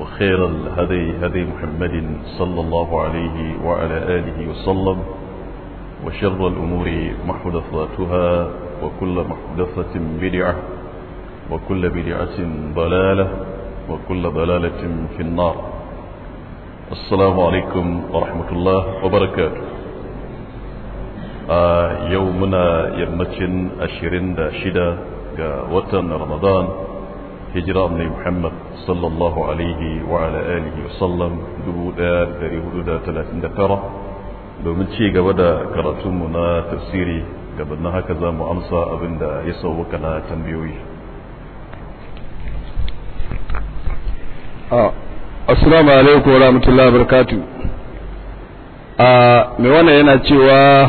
وخير الهدي هدي محمد صلى الله عليه وعلى آله وسلم وشر الأمور محدثاتها وكل محدثة بدعة وكل بدعة ضلالة وكل ضلالة في النار السلام عليكم ورحمة الله وبركاته آه، يومنا يمتن أشرين دا شدة كوتن رمضان hijira mai muhammad sallallahu alaihi wa ala alihi wa sallam 1439 domin ci gaba da karatunmu na tafsiri na haka za mu amsa abin da ya sauwaka na tambayoyi ah, assalamu alaikum wa rahmatullahi wa barakatuh ah, mai wannan yana cewa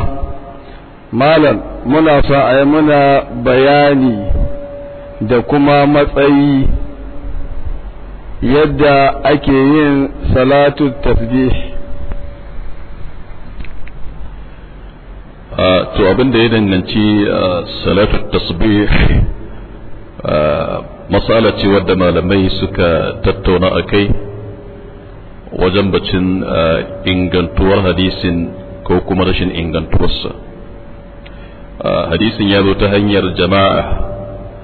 malam muna sa a yi muna bayani da kuma matsayi yadda ake yin salatu tasbih ah, to abin da ya danganci ah, salatu tasbih ah, matsala ce wadda malamai suka tattauna a kai wajen bacin ingantuwar hadisin ko kuma rashin ingantuwarsa hadisin ya zo ta hanyar jama'a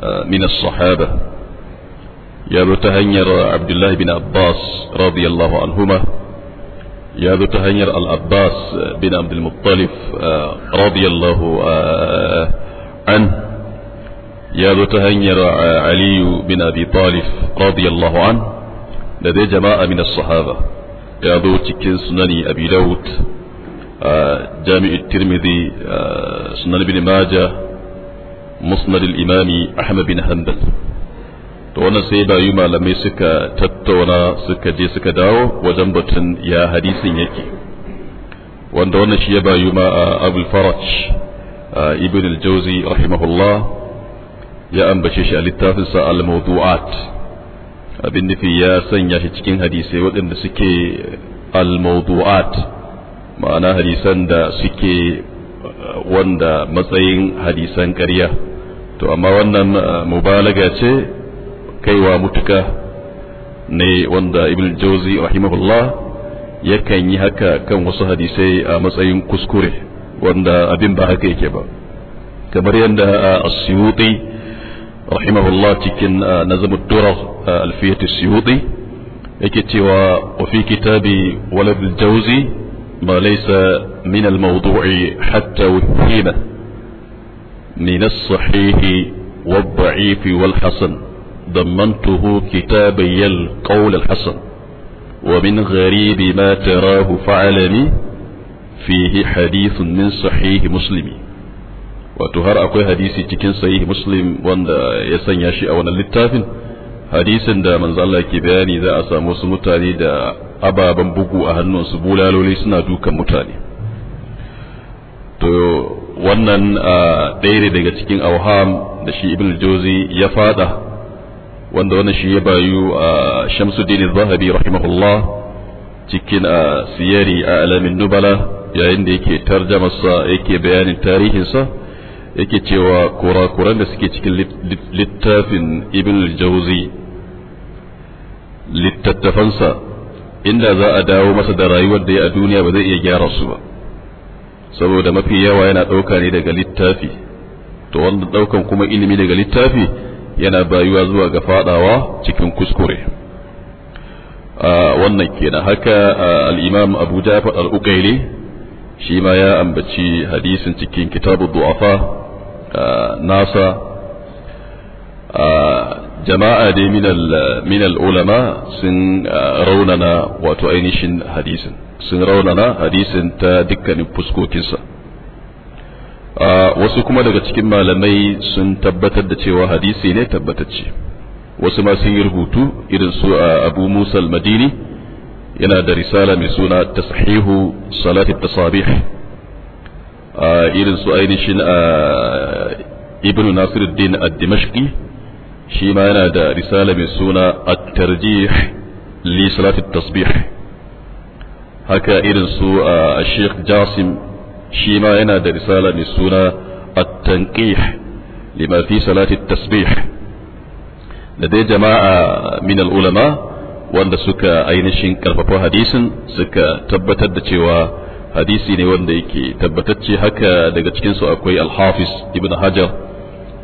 آه، من الصحابة يا تهنير عبد الله بن عباس رضي الله عنهما يا تهنير العباس بن عبد المطلب آه، رضي الله آه، عنه يا تهنير علي بن أبي طالب رضي الله عنه لدى جماعة من الصحابة يا ذو تكن سنن أبي داود جامع الترمذي سنن بن ماجه musnad al-imami ahmad bin hanbal to wannan sai bayu malamai suka tattauna suka je suka dawo wajen batun ya hadisin yake wanda wannan shi ya bayu ma a abul faraj ibn al-jawzi rahimahullah ya ambace shi a littafinsa al-mawdu'at abin nufi ya sanya shi cikin hadisai waɗanda suke al-mawdu'at ma'ana hadisan da suke wanda matsayin hadisan ƙarya to amma wannan uh, mubalaga ce kaiwa mutuka ne wanda ibn jauzi rahimahullah yakan yi haka kan wasu hadisai a matsayin kuskure wanda abin ba haka yake ba kamar yadda uh, a suyuti rahimahullah cikin uh, nazamud durar alfiyatu as yake cewa wa fi kitabi walad jauzi ما ليس من الموضوع حتى والثيمة من الصحيح والضعيف والحسن ضمنته كتابي القول الحسن ومن غريب ما تراه فعلني فيه حديث من صحيح مسلم وتهر أكو حديثي تكين صحيح مسلم وان يسن ياشي أولا للتافن حديث دا من Allah ke bayani za a samu ababen bugu a hannunsu bulaloli suna dukan mutane to wannan ɗaya ne daga cikin auham da shi ibn jozi ya fada wanda wannan shi ya bayu a dini zahabi rahimahullah cikin a siyari a alamin nubala yayin da yake tarjamarsa yake bayanin tarihinsa yake cewa kurakuran da suke cikin littafin ibn jauzi littattafansa inda za a dawo masa da rayuwar da ya a duniya ba zai iya gyara su ba saboda mafi yawa yana ɗauka ne daga littafi to wanda ɗaukan kuma ilimi daga littafi yana bayuwa zuwa ga fadawa cikin kuskure wannan kenan haka al-imam abu jafar al shi ma ya ambaci hadisin cikin kitabu du'afa nasa jama'a dai min ulama sun ah, raunana wato ainihin hadisin sun raunana hadisin ta dukkanin fuskokinsa ah, wasu kuma daga cikin malamai sun tabbatar da cewa hadisi ne tabbatacce wasu ma sun yi rubutu irin su a ah, abu musa madini yana da risala mai suna tashihu da tasabih irin su ainihin ibn nasiruddin ad-dimashqi shi ma yana da risala mai suna a tarjih li salati tasbih haka irin su a Sheikh Jasim shi ma yana da risala mai suna a tanqih lima fi salati tasbih da dai jama'a min ulama wanda suka ainihin karfafa hadisin suka tabbatar da cewa hadisi ne wanda yake tabbatacce haka daga cikinsu akwai al-hafiz ibn hajar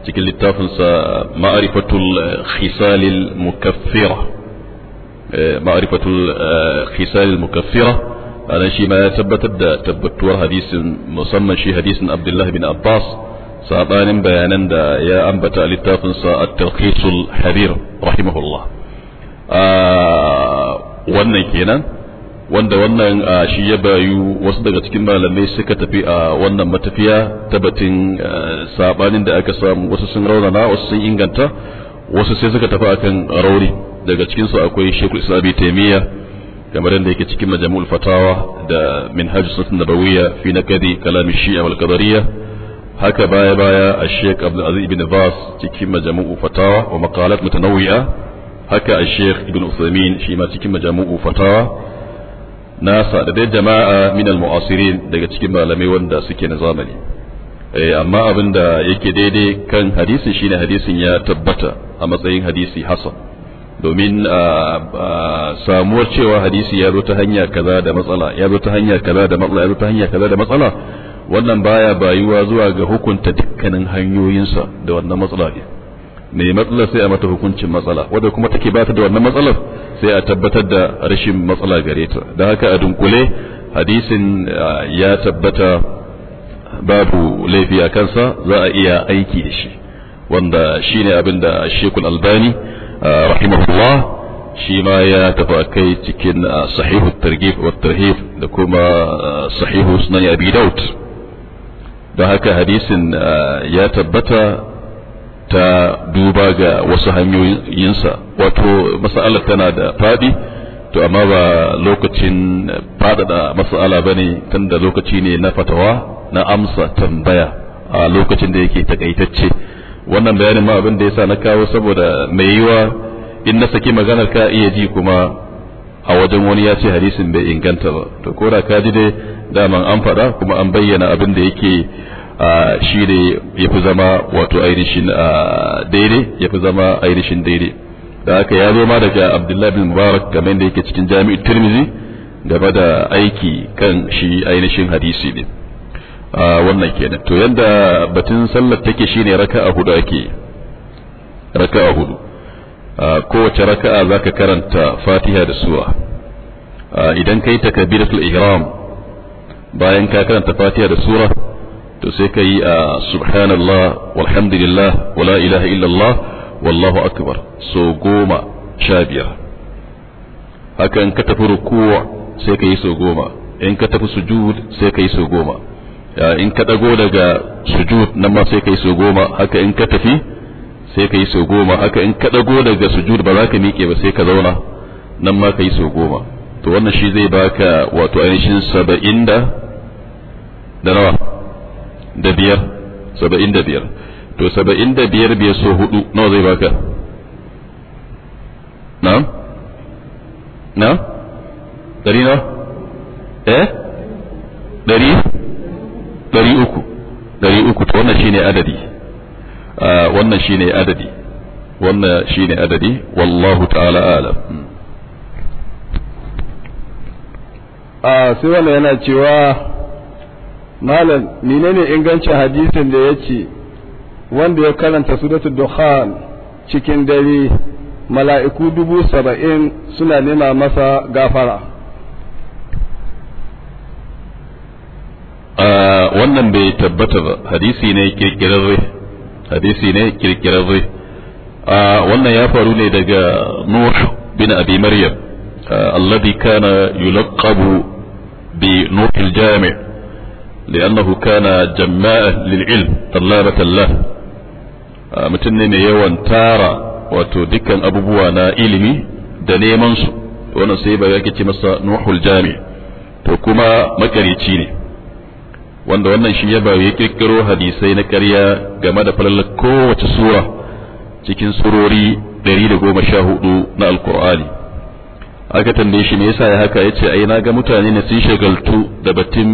cikin littafinsa ma'arifatul khisalil mukaffira ma'arifatul khisalil mukaffira anan shi ma ya tabbatar da tabbatuwar hadisin musamman shi hadisin abdullah bin abbas sabanin bayanan da ya ambata a littafinsa at-talqisul habir rahimahullah wannan kenan wanda wannan shi ya bayu wasu daga cikin malamai suka tafi a wannan matafiya ta batun sabanin da aka samu wasu sun raunana wasu sun inganta wasu sai suka tafi akan rauni daga cikin su akwai Sheikhul Islam Ibn Taymiyyah kamar yadda yake cikin Majmu'ul Fatawa da Minhaj Sunnah Nabawiyya fi naqdi kalam Shi'a wal Qadariyya haka baya baya a Sheikh Abdul Aziz Ibn Baz cikin Majmu'ul Fatawa wa maqalat mutanawwi'a haka a Sheikh Ibn Uthaymeen shi ma cikin Majmu'ul Fatawa nasa da dai jama'a min al-mu'asirin daga cikin malamai wanda suke na zamani eh amma abin da yake daidai kan hadisin shine hadisin ya tabbata a matsayin hadisi hasan domin ah, ah, samuwar cewa hadisi ya zo ta hanya kaza da matsala ya zo ta hanya kaza da matsala ya zo ta hanya kaza da matsala wannan baya bayuwa zuwa ga hukunta dukkanin hanyoyinsa da wannan matsala ne mai matsalar sai a mata hukuncin matsala wadda kuma take bata da wannan matsalar sai a tabbatar da rashin matsala gare ta da haka a dunkule hadisin ya tabbata babu laifi a kansa za a iya aiki da shi wanda shine abin da Sheikhul Albani rahimahullah shi ma ya tafi kai cikin sahihu targhib wa tarhif da kuma sahihu sunan Abi Daud da haka hadisin ya tabbata ta duba ga wasu hanyoyinsa wato mas'alar tana da faɗi to amma ba lokacin faɗaɗa mas'ala ba ne tunda lokaci ne na fatawa na amsa tambaya a lokacin da yake takaitacce wannan bayanin ma abin da ya sa na kawo saboda mai yiwa in na saki maganar ka iya ji kuma a wajen wani ya ce hadisin bai inganta ba to ko da ka ji dai daman an faɗa kuma an bayyana abin da yake shi ne ya fi zama wato ainihin daidai ya fi zama ainihin daidai da aka ya zo ma daga abdullahi bin mubarak game da yake cikin jami'i turmizi game da aiki kan shi ainihin hadisi ne wannan kenan to yadda batun sallar take shine a hudu ake a hudu kowace raka'a zaka karanta fatiha da suwa idan kai takabiratul ihram bayan ka karanta fatiha da sura to sai ka yi a ah, subhanallah walhamdulillah wala ilaha illallah wallahu akbar so goma sha biyar haka in ka tafi rukuwa sai ka yi so goma in ka tafi sujud sai ka yi so goma in ka dago daga sujud nan ma sai ka yi so goma haka in ka tafi sai ka yi so goma haka in ka dago daga sujud ba za ka miƙe ba sai ka zauna nan ma ka yi so goma to wannan shi zai baka wato ainihin saba'in da da nawa da biyar saba'in da biyar to saba'in da biyar biyar so hudu nawa zai baka na na dari na eh dari dari uku dari uku to wannan shine adadi ah, wannan shine adadi wannan shine adadi wallahu ta'ala alam hmm. a ah, sai wannan yana cewa malam menene ingancin hadisin da ya ce wanda ya karanta suratul dukhan cikin dare mala'iku dubu saba'in suna nema masa gafara wannan bai tabbata ba hadisi ne kirkirarre hadisi ne kirkirarre wannan ya faru ne daga nur bin abi maryam alladhi kana yulaqabu bi nuh al-jami' لأنه كان جماء للعلم طلابة له mutum ne mai yawan tara wato dukkan abubuwa na ilimi da neman su wannan sai ba yake ce masa nuhul jami to kuma makarici ne wanda wannan shi ya ba ya kirkiro hadisai na ƙarya game da falalar kowace sura cikin da goma sha hudu na alkur'ani aka tambaye shi me yasa ya haka yace ai na ga mutane ne sun shagaltu da batun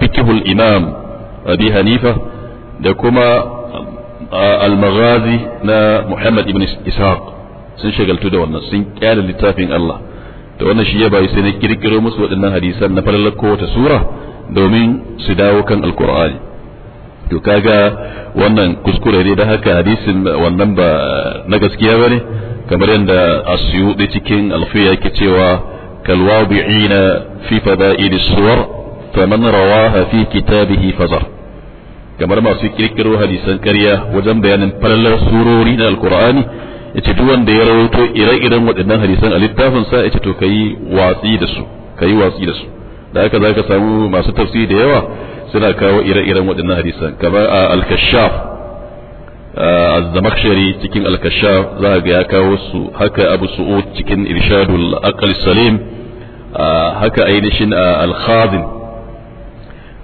fikihul imam abi hanifa da kuma al-maghazi na muhammad ibn ishaq sun shagaltu da wannan sun kyale littafin Allah da wannan shi ya bayi sai na kirkiro musu waɗannan hadisan na falalar kowace sura domin su dawo kan alkur'ani to kaga wannan kuskure ne da haka hadisin wannan ba na gaskiya bane ne kamar yadda asyuɗi cikin alfiya yake cewa kalwabi'ina fi fada'il suwar faman rawaha fi kitabihi fazar kamar masu kirkiro hadisan ƙarya wajen bayanin falalar surori na alkur'ani yace duk wanda ya rawaito ire-iren waɗannan hadisan a littafin sa yace to kayi watsi da su watsi da su da haka zaka samu masu tafsiri da yawa suna kawo ire-iren waɗannan hadisan kamar al-kashaf الزمخشري تكين الكشاف ذهب ياكا وسو هكا أبو سعود تكين إرشاد الأقل السليم هكا أينشن الخاذن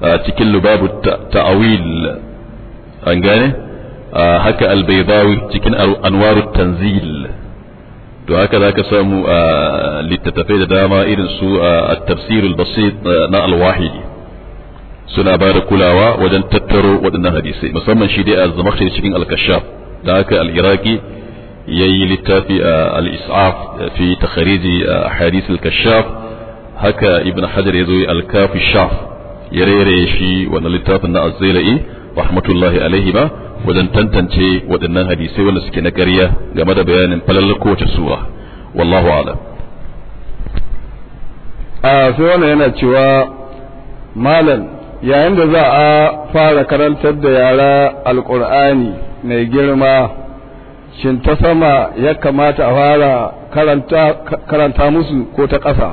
تكين لباب التأويل أنجاني هكا البيضاوي تكين أنوار التنزيل to haka za ka samu a littattafai da dama irin su a tafsirul basit na alwahidi suna ba da kulawa wajen tattaro waɗannan hadisai musamman shi dai a zamakshari cikin alkashaf da haka al-iraqi yayi littafi a al-is'af fi takhariji hadith al-kashaf haka ibn hajar yazo al-kafi shaf ya shi wannan littafin na az-zailai rahmatullahi alaihi ba wajen tantance waɗannan hadisai wanda suke na ƙarya game da bayanin falalar kowace sura wallahu a'lam a sai wannan yana cewa malam yayin da za a fara karantar da yara alkur'ani mai girma shin ta sama ya kamata a fara karanta musu ko ta ƙasa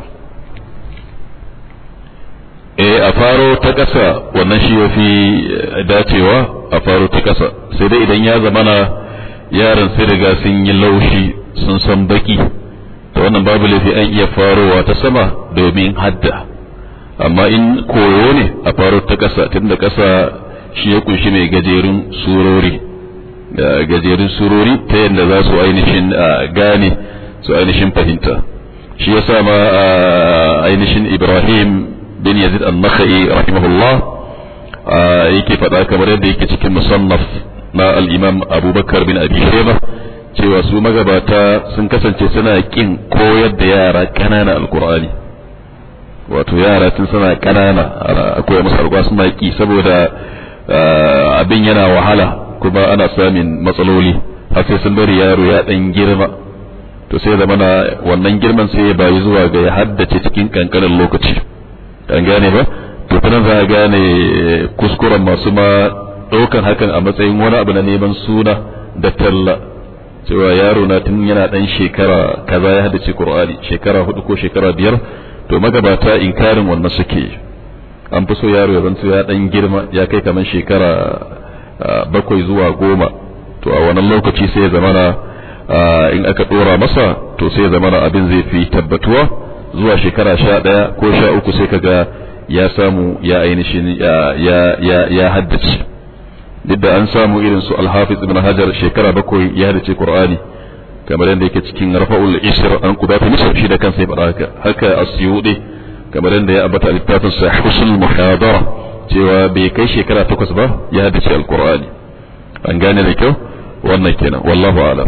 eh, a faro ta ƙasa wannan shi ya fi dacewa a faro ta ƙasa sai dai idan ya zamana yaran sai riga sun yi laushi sun san baki ta wannan babu laifi an iya farowa ta sama domin hadda amma in koyo ne a faro ta ƙasa da ƙasa shi ya kunshi mai gajerun surori gajerun surori ta yadda za su ainihin gane su ainihin fahimta shi ya sa ma ainihin ibrahim bin yazid al-nakhai rahimahullah yake faɗa kamar yadda yake cikin musannaf na al'imam abubakar bin abi cewa su magabata sun kasance suna kin koyar da yara ƙananan alkur'ani wato yara tun suna ƙanana akwai musu harguwa suna maki saboda eh, abin yana wahala kuma ana samun matsaloli har sai sun bari yaro ya ɗan girma to sai zama na wannan girman sai ya bayi zuwa ga ya haddace cikin kankanin lokaci an gane ba to tunan za a gane eh, kuskuren masu ma ɗaukan hakan a matsayin wani abu na neman suna da talla cewa yaro na tun yana ɗan shekara kaza ya haddace qur'ani shekara hudu ko shekara biyar to magabata inkarin wannan suke an fi so yaro ya zanto ya dan girma ya kai kamar shekara bakwai zuwa goma to a wannan lokaci sai ya zamana in aka dora masa to sai ya zamana abin zai fi tabbatuwa zuwa shekara sha ɗaya ko sha uku sai kaga ya samu ya ainihin ya haddace duk da an samu irin su alhafiz ibn hajar shekara bakwai ya haddace qur'ani kamar yadda yake cikin rafa'ul ishr an ku bafi misr shi da kansa ya faɗa haka haka asyudi kamar yadda ya abata littafin sa husnul muhadara cewa bai kai shekara takwas ba ya hadace alqur'ani an gane da kyau wannan kenan wallahu a'lam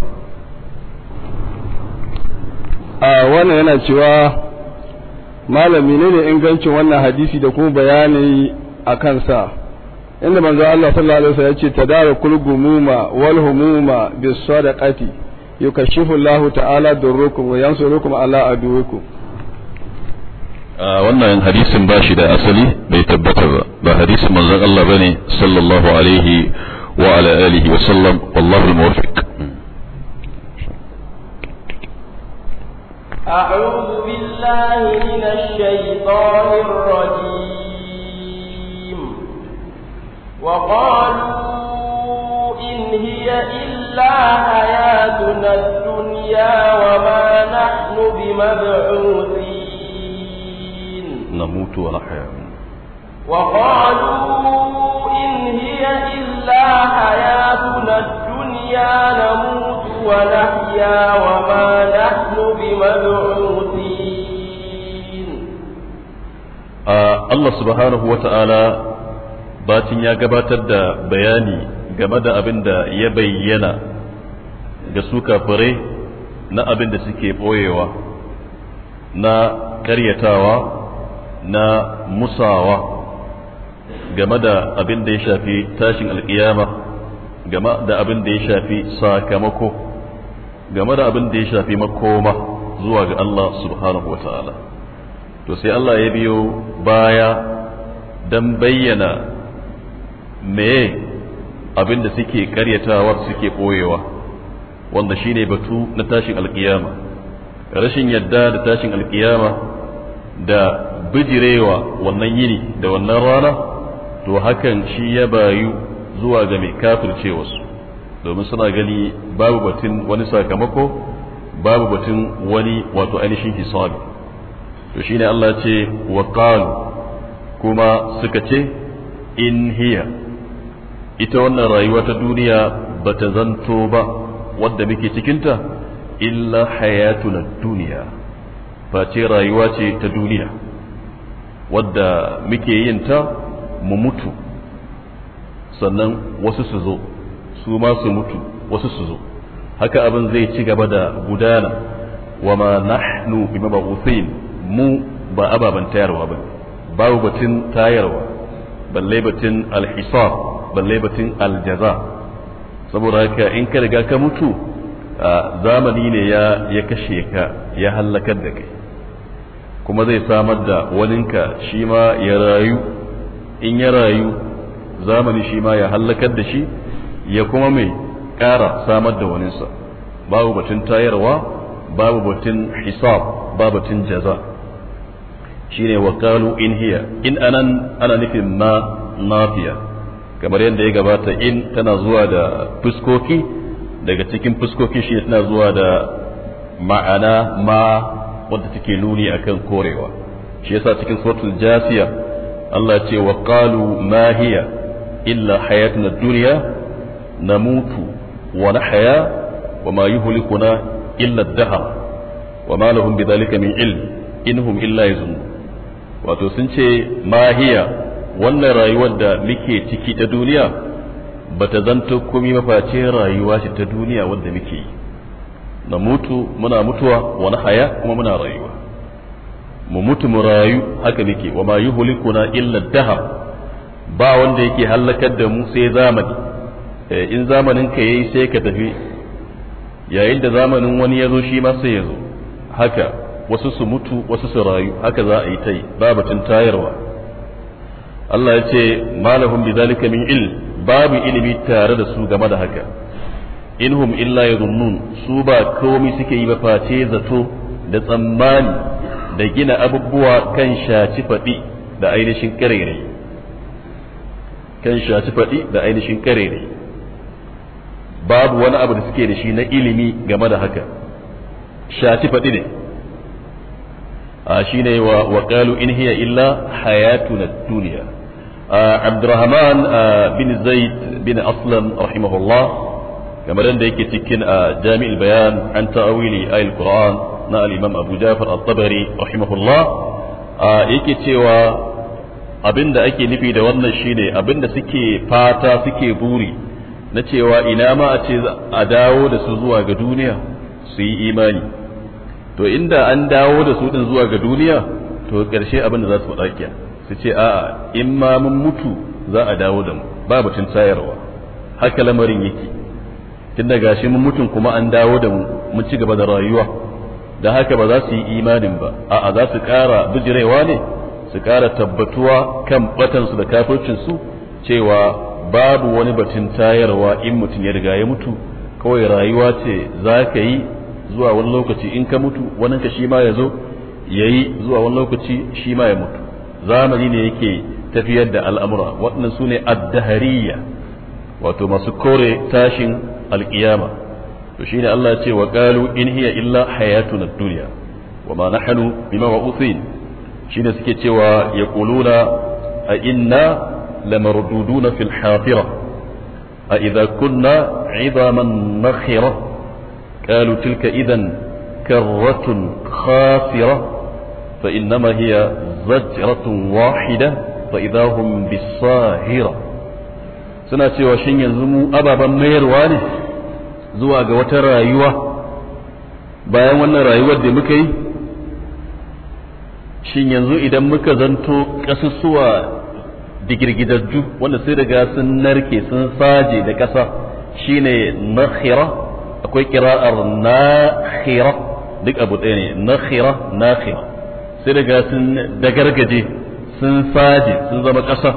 a wannan yana cewa malami ne ingancin wannan hadisi da kuma bayani a kansa inda manzo Allah sallallahu alaihi wasallam ya ce tadarakul gumuma wal humuma bis sadaqati yukashifu Allah ta'ala durrukum wa yansurukum ala aduwikum wannan hadisin ba shi da asali bai tabbata ba ba hadisin manzon Allah bane sallallahu alaihi wa ala alihi wa sallam wallahu al-muwaffiq أعوذ بالله من الشيطان الرجيم وقالوا إن هي إلا حياتنا الدنيا وما نحن بمبعوثين نموت ونحيا وقالوا إن هي إلا حياتنا الدنيا نموت ونحيا وما نحن بمبعوثين آه الله سبحانه وتعالى باتن يا gabatar da bayani game da abin da ya bayyana ga su kafirai na abin da suke ɓoyewa na ƙaryatawa na musawa game da abin da ya shafi tashin alƙiyama game da abin da ya shafi sakamako game da abin da ya shafi makoma zuwa ga Allah subhanahu wa ta'ala to sai Allah ya biyo baya don bayyana me Abin da suke ƙaryatawa suke ɓoyewa wanda shine batu na tashin alkiyama rashin yadda da tashin alkiyama da bijirewa wannan yini da wannan rana to hakan shi ya bayu zuwa ga mai kafircewarsu domin suna gani babu batun wani sakamako babu batun wani wato ainihin hisabi to shine Allah ce wa kuma suka ce in hiya ita wannan rayuwa ta duniya ba ta zanto ba wadda muke cikinta illa hayatuna duniya face rayuwa ce ta duniya wadda muke yin ta mu mutu sannan wasu su zo su ma su mutu wasu su zo haka abin zai ci gaba da gudana wa ma nahnu bi mabu'uthin mu ba ababen tayarwa ba babu batun tayarwa balle batun alhisab balle batun aljaza saboda haka in ka riga ka mutu zamani ne ya kashe ka ya hallakar da kai kuma zai samar da waninka shi ma ya rayu in ya rayu zamani shi ma ya hallakar da shi ya kuma mai ƙara samar da waninsa babu batun tayarwa babu batun hisab babu batun jaza shine wa in hiya in anan ana nufin ma nafiya kamar yadda ya gabata in tana zuwa da fuskoki daga cikin fuskoki shi tana zuwa da ma'ana ma wadda take nuni akan korewa shi yasa cikin suratul jasiya Allah ce wa qalu ma hiya illa hayatuna dunya namutu wa nahya wa ma yuhlikuna illa ad-dahr wa ma lahum bidhalika min ilm inhum illa yazun wato sun ce mahiya. wannan rayuwar da muke ciki ta duniya ba ta zanto komi maface rayuwa shi ta duniya wanda muke yi na mutu muna mutuwa wani haya kuma muna rayuwa mu mutu mu rayu haka muke wa ma na illa daha. ba wanda yake hallakar da mu sai zamani eh, in zamanin ka yayi sai ka tafi yayin da zamanin wani ya zo shi ma sai ya zo haka wasu su mutu wasu su rayu haka za a yi ta yi babatun tayarwa Allah ya ce malahum bidhalika min il babu ilimi tare da su game da haka inhum illa yadhunnun su ba komai suke yi ba face zato da tsammani da gina abubuwa kan shaci faɗi da ainihin karere kan shaci faɗi da ainihin karere babu wani abu da suke da shi na ilimi game da haka shaci faɗi ne shine wa wa qalu in hiya illa duniya dunya Abdurrahman bin Zaid bin Aslam rahimahullah kamar yadda yake cikin a jami'il bayan an ta'awili ayil qur'an na al-imam abu jafar at-tabari rahimahullah yake cewa abinda ake nufi da wannan shine abinda suke fata suke buri na cewa ina ma a ce a dawo da su zuwa ga duniya su yi imani to inda an dawo da su din zuwa ga duniya to ƙarshe abin da za su faɗa kiya su ce a'a in ma mun mutu za a dawo da mu ba batun tayarwa haka lamarin yake tun da gashi mun mutun kuma an dawo da mu mun ci gaba da rayuwa da haka ba za su yi imanin ba a'a za su ƙara bijirewa ne su ƙara tabbatuwa kan batansu da kafircinsu cewa babu wani batun tayarwa in mutum ya riga ya mutu kawai rayuwa ce za ka yi zuwa wani lokaci in ka mutu wani ka shi ma ya zo ya yi zuwa wani lokaci shi ma ya mutu zamani ne yake tafiyar da al'amura waɗannan su ne addahariya wato masu kore tashin alƙiyama to ne Allah ce wa qalu in hiya illa hayatuna duniya wa ma nahnu bima wa'uthin shine suke cewa yaquluna a inna lamarduduna fil hafira a idza kunna 'idhaman nakhira قالوا تلك إذا كرة خاسرة فإنما هي زجرة واحدة فإذا هم بالصاهرة suna cewa shin yanzu mu ababen mayarwa ne zuwa ga wata rayuwa bayan wannan rayuwar da muka yi shin yanzu idan muka zanto ƙasusuwa digirgidajju wanda sai daga sun narke sun saje da ƙasa shine makhira akwai kira'ar nakhira duk abu ɗaya ne na nakhira sai daga sun dagargaje sun saje sun zama ƙasa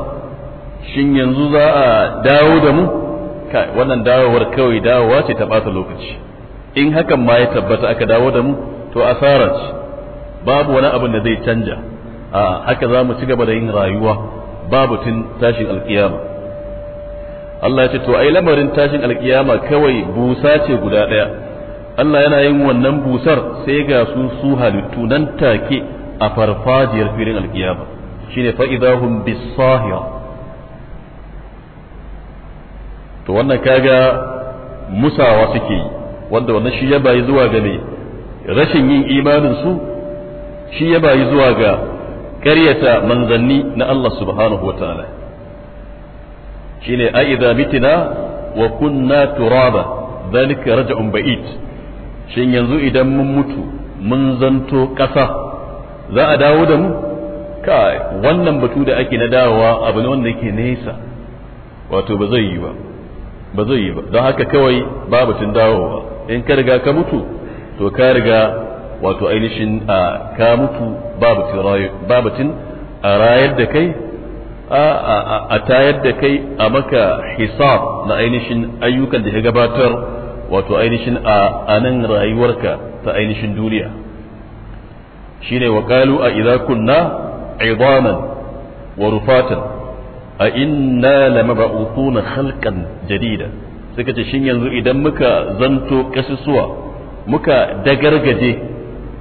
shin yanzu za a dawo da mu kai wannan dawowar kawai dawowa ce ta ɓata lokaci in hakan ma ya tabbata aka dawo da mu to asara ce babu wani abin da zai canja a haka za mu ci gaba da yin rayuwa babu tun tashin alkiyama Allah ya ce to ai lamarin tashin alkiyama kawai busa ce guda ɗaya Allah yana yin wannan busar sai ga su su halittu nan take a farfajiyar filin alkiyama shine fa idahum bisahira to wannan kaga musawa suke yi wanda wannan shi ya bayi zuwa ga me rashin yin imanin su shi ya bayi zuwa ga ƙaryata manzanni na Allah subhanahu wa ta'ala shine a idza mitina wa kunna turaba dhalika raj'un ba'id shin yanzu idan mun mutu mun zanto ƙasa za a dawo da mu kai wannan batu da ake na dawowa abu ne wanda yake nesa wato ba zai yi ba ba zai yi ba don haka kawai ba batun dawowa in ka riga ka mutu to ka riga wato ainihin ka mutu ba batun rayar da kai a tayar da kai a maka hisab na ainihin ayyukan da ya gabatar wato ainihin a nan rayuwarka ta ainihin duniya shine wa qalu a idza kunna idaman wa rufatan a inna lamab'uthuna khalqan jadida suka ce shin yanzu idan muka zanto kasusuwa muka dagargaje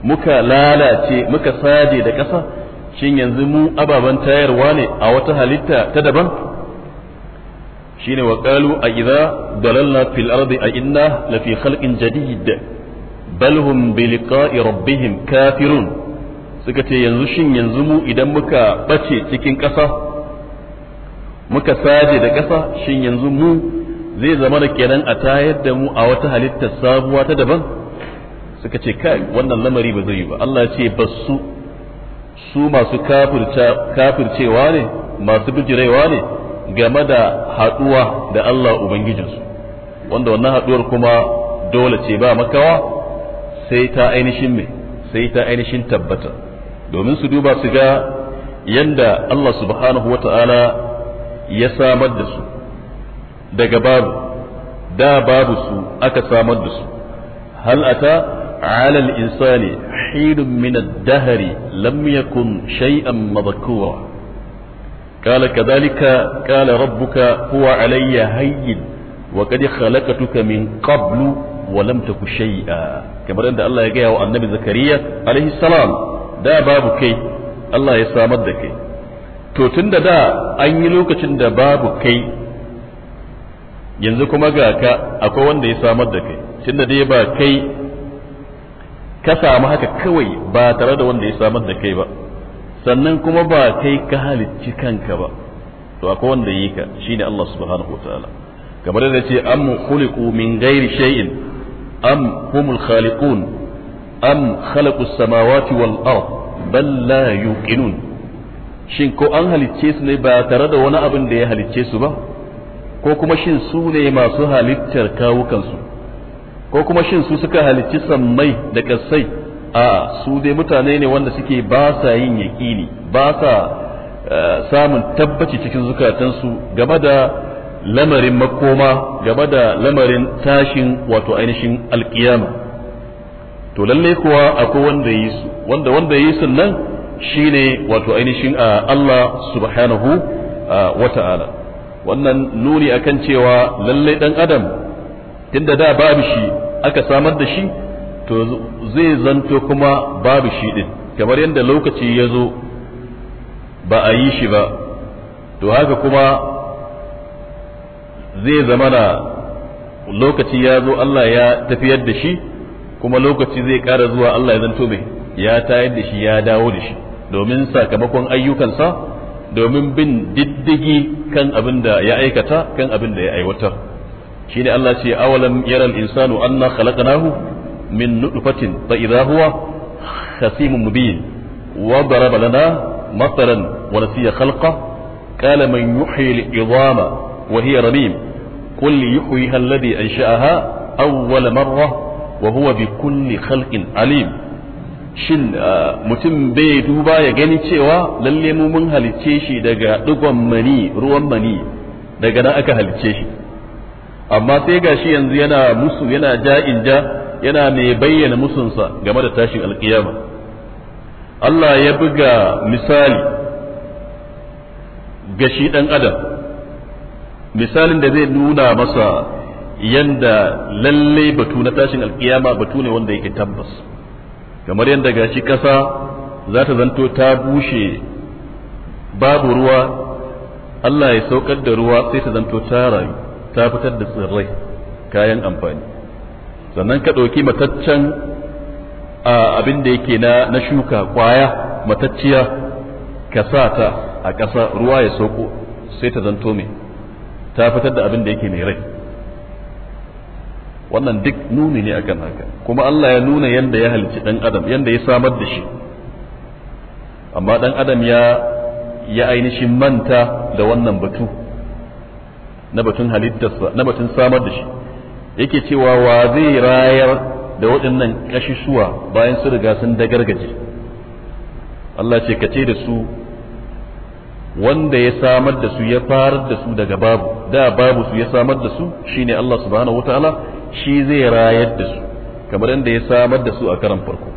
muka lalace muka sade da ƙasa shin yanzu mu ababen tayarwa ne a wata halitta ta daban shine wa qalu a idza dalalna fil ardi a inna la fi khalqin jadid bal hum bi liqa'i rabbihim kafirun suka ce yanzu shin yanzu mu idan muka bace cikin ƙasa muka saje da ƙasa shin yanzu mu zai zama da kenan a tayar da mu a wata halitta sabuwa ta daban suka ce kai wannan lamari ba zai yi ba Allah ya ce basu su masu kafircewa ne masu bijirewa ne game da haɗuwa da Allah Ubangijinsu wanda wannan haɗuwar kuma dole ce ba makawa sai ta ainihin mai, sai ta ainihin tabbata domin su duba su ga yadda Allah subhanahu wa ta'ala ya samar da su daga babu da babu su aka samar da su hal'ata. على الإنسان حين من الدهر لم يكن شيئا مذكورا قال كذلك قال ربك هو علي هين وقد خلقتك من قبل ولم تك شيئا كما عند الله يجاه النبي زكريا عليه السلام دا بابك الله يسامد كي to tun da da an yi lokacin da babu kai yanzu kuma ga ka akwai wanda ya samar da kai tun da dai ba kai ka samu haka kawai ba tare da wanda ya samar da kai ba sannan kuma ba kai ka halicci kanka ba to akwai wanda yi ka shine Allah subhanahu wataala kamar da ce am khuliqu min ghairi shay'in am humul khaliqun am khalaqu samawati wal ard bal la yuqinun shin ko an halicce su ne ba tare da wani abin da ya halicce su ba ko kuma shin su ne masu halittar kawukansu ko kuma shin su suka halicci sammai da kasai a su dai mutane ne wanda suke ba sa yin yaƙini ba sa eh, samun tabbaci cikin zukatansu game da lamarin makoma game da lamarin tashin wato ainihin alkiyama to lalle kuwa akwai wanda yi su wanda wanda yi su nan shine wato ainihin Allah subhanahu wa ta'ala wannan nuni akan cewa lalle dan adam tunda da babu shi aka samar da shi to zai zanto kuma babu shi din kamar yadda lokaci ya zo ba a yi shi ba to haka kuma zai zama na lokaci ya zo Allah ya tafiyar da shi kuma lokaci zai ƙara zuwa Allah ya zanto mai ya tayar da shi ya dawo da shi domin sakamakon ayyukansa domin bin diddigi kan abin da ya aikata kan abin da ya aiwatar shine Allah ce awalan yaral insanu anna khalaqnahu min nutfatin fa idha huwa khasimun mubin wa daraba lana mataran wa nasiya khalqa qala man yuhyi al-idama wa hiya ramim qul yuhyiha alladhi ansha'aha awwala marra wa huwa bi kulli khalqin alim shin ah, mutum bai duba ya gani cewa lalle mu mun halicce shi daga digon mani ruwan mani daga nan aka halicce shi amma sai gashi yanzu yana musu yana ja'in ja yana mai bayyana musunsa game da tashin alkiyama Allah ya buga misali ga shi ɗan adam misalin da zai nuna masa yanda lalle batu na tashin alkiyama batu ne wanda yake tabbas kamar yadda gashi ƙasa za ta zanto ta bushe babu ruwa Allah ya saukar da ruwa sai ta zanto ta rayu ta fitar da tsirrai kayan amfani sannan ka ɗauki mataccen abin da yake na shuka kwaya matacciya ka sa ta a ƙasa ruwa ya sauko sai ta zanto mai ta fitar da abin da yake mai rai wannan duk nuni ne akan haka kuma Allah ya nuna yadda ya halci ɗan adam yadda ya samar da shi amma ɗan adam ya ya ainihin manta da wannan batu na batun halittarsa na batun samar da shi yake cewa wa zai rayar da waɗannan ƙashishuwa bayan su riga sun dagargaje Allah ce ka ce da su wanda ya samar da su ya farar da su daga babu da babu su ya samar da su shine Allah subhanahu wataala shi zai rayar da su kamar yadda ya samar da su a karan farko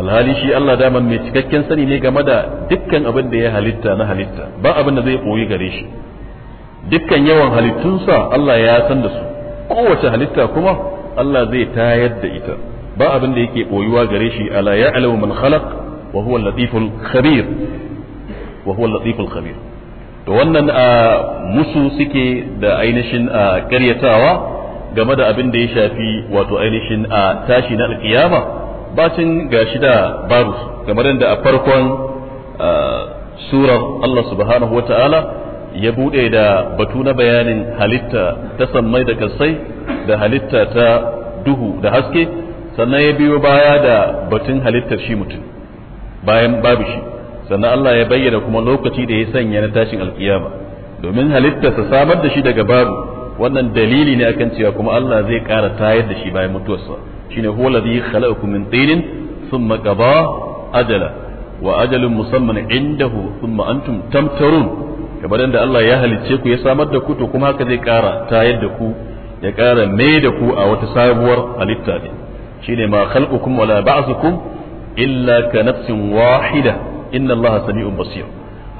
alhali shi Allah daman mai cikakken sani ne game da dukkan abin da ya halitta na halitta ba abin da zai koyi gare shi dukkan yawan halittunsa Allah ya san da su kowace halitta kuma Allah zai tayar da ita ba abin da yake boyuwa gare shi ala ya'lamu man khalaq wa huwa al-latiful khabir wa huwa al-latiful khabir to wannan musu suke da a karyatawa game da abin da ya shafi wato ainihin a tashi na alkiyama bacin gashi da babu kamar da a farkon surar Allah subhanahu wa ta'ala ya bude da batu na bayanin halitta ta sammai da kasai da halitta ta duhu da haske sannan ya biyo baya da batun halittar shi mutum bayan babu shi sannan Allah ya bayyana kuma lokaci da ya sanya na tashin alkiyama domin halittarsa samar da shi daga babu wannan dalili ne akan cewa kuma Allah zai ƙara tayar da shi bayan mutuwarsa shine huwa alladhi khalaqakum min tinin thumma qada ajala wa ajalun musamman indahu thumma antum tamtarun kamar yadda Allah ya halicce ku ya samar da ku to kuma haka zai kara tayar da ku ya kara mai da ku a wata sabuwar halitta ne shine ma khalqukum wala ba'thukum illa ka nafsin wahida inna Allah sami'un basir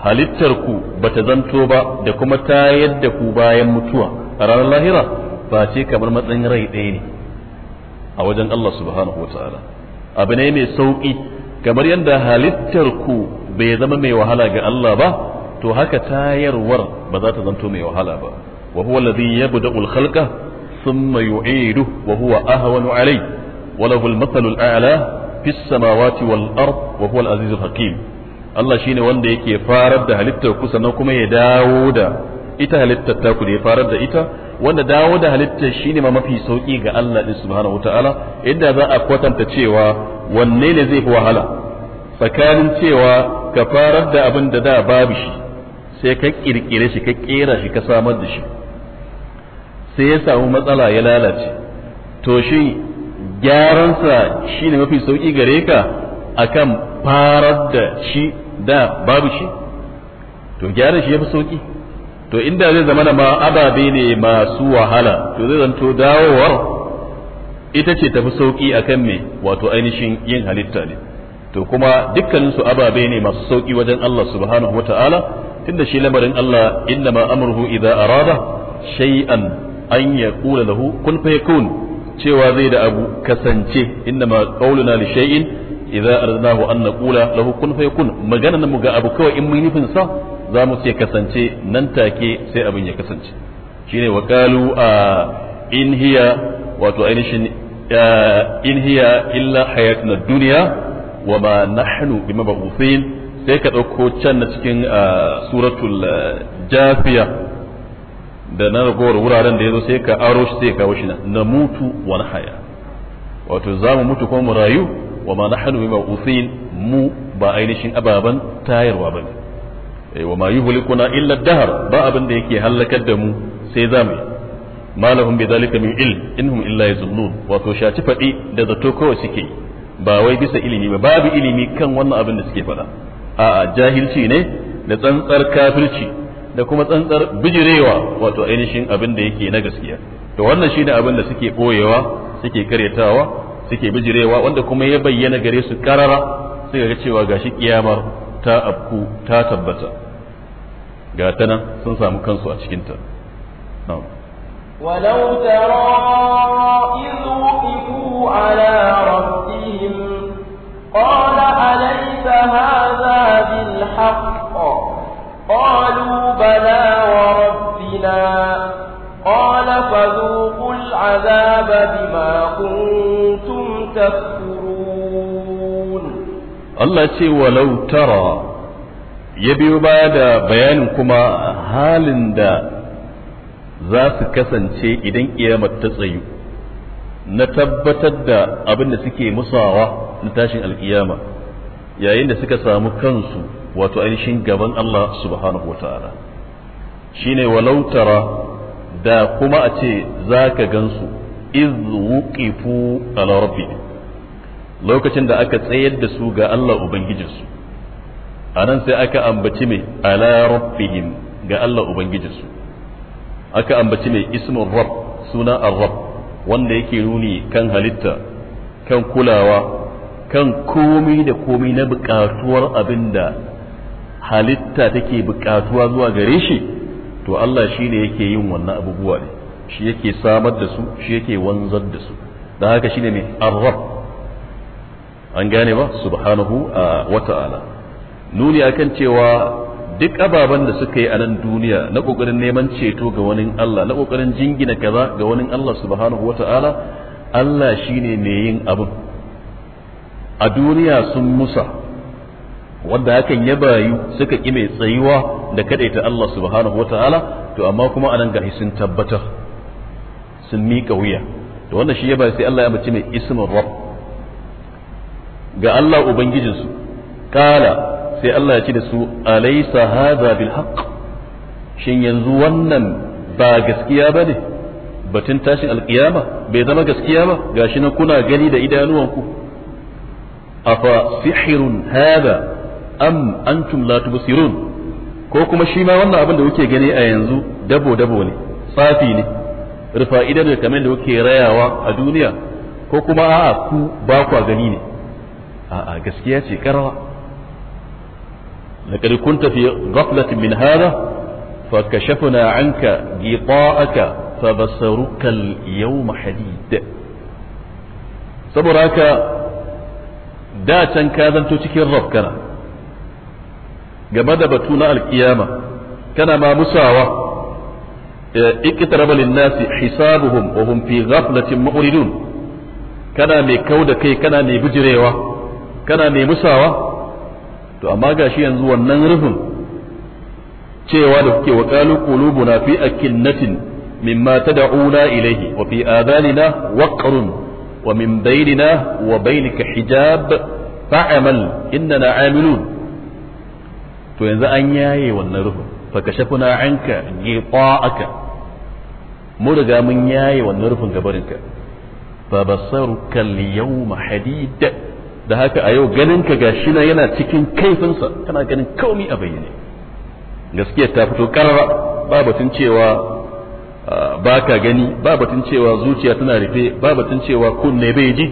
halittar ku bata zanto ba da kuma tayar da ku bayan mutuwa a ranar lahira ba ce kamar matsayin rai ɗaya ne a wajen Allah subhanahu wataala abu ne mai sauƙi kamar yadda halittar ku bai zama mai wahala ga Allah ba to haka tayarwar ba za ta zanto mai wahala ba wa huwa alladhi yabda'u al-khalqa thumma yu'idu wa huwa ahwanu alayh wa lahu al-mathalu al-a'la fi as-samawati wal-ard wa huwa al-aziz al-hakim Allah shine wanda yake farar da halittar ku sannan kuma ya dawo da ita halittar ta ku da ya farar da ita wanda dawo da halittar shine ma mafi sauki ga Allah din subhanahu wataala inda za a kwatanta cewa wanne ne zai fi wahala tsakanin cewa ka farar da abin da da babu shi sai ka kirkire shi ka kera shi ka samar da shi sai ya samu matsala ya lalace to shi gyaransa shine mafi sauki gare ka akan farar da shi da babu shi to gyaran shi ya fi sauki to inda zai zama da ma ababe ne masu wahala to zai zanto dawowar ita ce tafi sauki akan me wato ainihin yin halitta ne to kuma dukkaninsu ababe ne masu sauƙi wajen Allah subhanahu wa tunda shi lamarin Allah inna ma amruhu idza arada shay'an an yaqula lahu kun fayakun cewa zai da abu kasance inna ma qauluna li shay'in idza aradnahu an naqula lahu kun fayakun magana mu ga abu kawai in mun nufin sa za mu ce kasance nan take sai abin ya kasance shine wa qalu a in hiya wato ainihin in hiya illa hayatuna dunya wa ma nahnu bimabghuthin sai ka ɗauko can na cikin ah, suratul ah, jafiya da na ragowar wuraren da ya zo sai ka aro shi sai ka kawo shi na na mutu wa na haya wato za mu mutu kuma mu rayu wa ma hannu bima usin mu ba ainihin ababan tayarwa ba ne eh, wa ma yuhlikuna illa dahar ba abin da yake hallakar da mu sai za mu ma lahum bi zalika min ilm innahum illa yazunnun wato shaci faɗi da zato kawai suke ba wai bisa ilimi ba babu ilimi kan wannan abin da suke faɗa a'a jahilci ne da tsantsar kafirci da kuma tsantsar bijirewa wato ainihin abin da yake na gaskiya to wannan shine abin da suke boyewa suke karetawa, suke bijirewa wanda kuma ya bayyana gare su karara suka ga cewa gashi kiyamar ta afku ta tabbata ga ta nan sun samu kansu a cikinta ولو ترى إذ وقفوا على ربهم قال أليس هذا بالحق قالوا بلى وربنا قال فذوقوا العذاب بما كنتم تكفرون الله ce walau tara ya biyo baya da bayanin kuma halin da za su kasance idan kiyamar ta tsayu na tabbatar da abin da suke musawa na tashin alkiyama yayin da suka samu kansu wato ainihin gaban Allah subhanahu wata'ala shine walau tara da kuma a ce za ka gansu iz wuqifu ala rabbi lokacin da aka tsayar da su ga Allah ubangijinsu a nan sai aka ambaci mai ala rabbihim ga Allah ubangijinsu aka ambaci mai ismin rabb suna ar-rabb wanda yake nuni kan halitta kan kulawa kan komai da komai na buƙatuwar abin da halitta take buƙatuwa zuwa gare shi to Allah shi ne yake yin wannan abubuwa ne shi yake samar da su shi yake wanzar da su don haka shi ne mai arab an gane ba subhanahu wa ta'ala nuni akan cewa duk ababen da suka yi a nan duniya na ƙoƙarin neman ceto ga wani Allah na ƙoƙarin jingina kaza ga wani Allah subhanahu wa ta'ala Allah shi ne mai yin abin a duniya sun musa wanda hakan ya bayu suka ƙi mai tsayuwa da kaɗaita Allah subhanahu wataala to amma kuma anan gashi sun tabbatar sun miƙa wuya to wannan shi ya bayu sai Allah ya mace mai ismin rabb ga Allah ubangijinsu kala sai Allah ya ce da su alaysa hadha bil haqq shin yanzu wannan ba gaskiya bane batun tashin alkiyama bai zama gaskiya ba gashi na kuna gani da idanuwanku أفسحر هذا أم أنتم لا تبصرون ko kuma shi ma wannan abin da kuke gani a yanzu dabo dabo ne safi ne rufa idan da kamar da kuke rayawa a duniya ko kuma a'a ku ba kwa gani ne a'a gaskiya ce karawa laqad kunta fi ghaflatin min hadha fa kashafna anka ghita'aka fa basaruka al-yawma hadid saboda haka da can ka zanto cikin rab kana game da batu na alkiyama kana ma musawa nasi hisabuhum wa hum fi ghaflatin mu'ridun kana mai kau da kai kana mai bijirewa kana mai musawa to amma gashi yanzu wannan rufin cewa da kuke wa qalu qulubuna fi akinnatin mimma tad'una ilayhi wa fi adanina waqrun ومن بيننا وبينك حجاب فعمل إننا عاملون to yanzu an yaye wannan rufin fakashafuna anka gita'aka mu riga mun yaye wannan rufin gabarinka fa basaruka al-yawma hadid da haka a yau ganin gashi na yana cikin kaifinsa Tana ganin kaumi a bayyane gaskiya ta fito karara ba batun cewa ba ka gani ba batun cewa zuciya tana rufe ba batun cewa kunne bai ji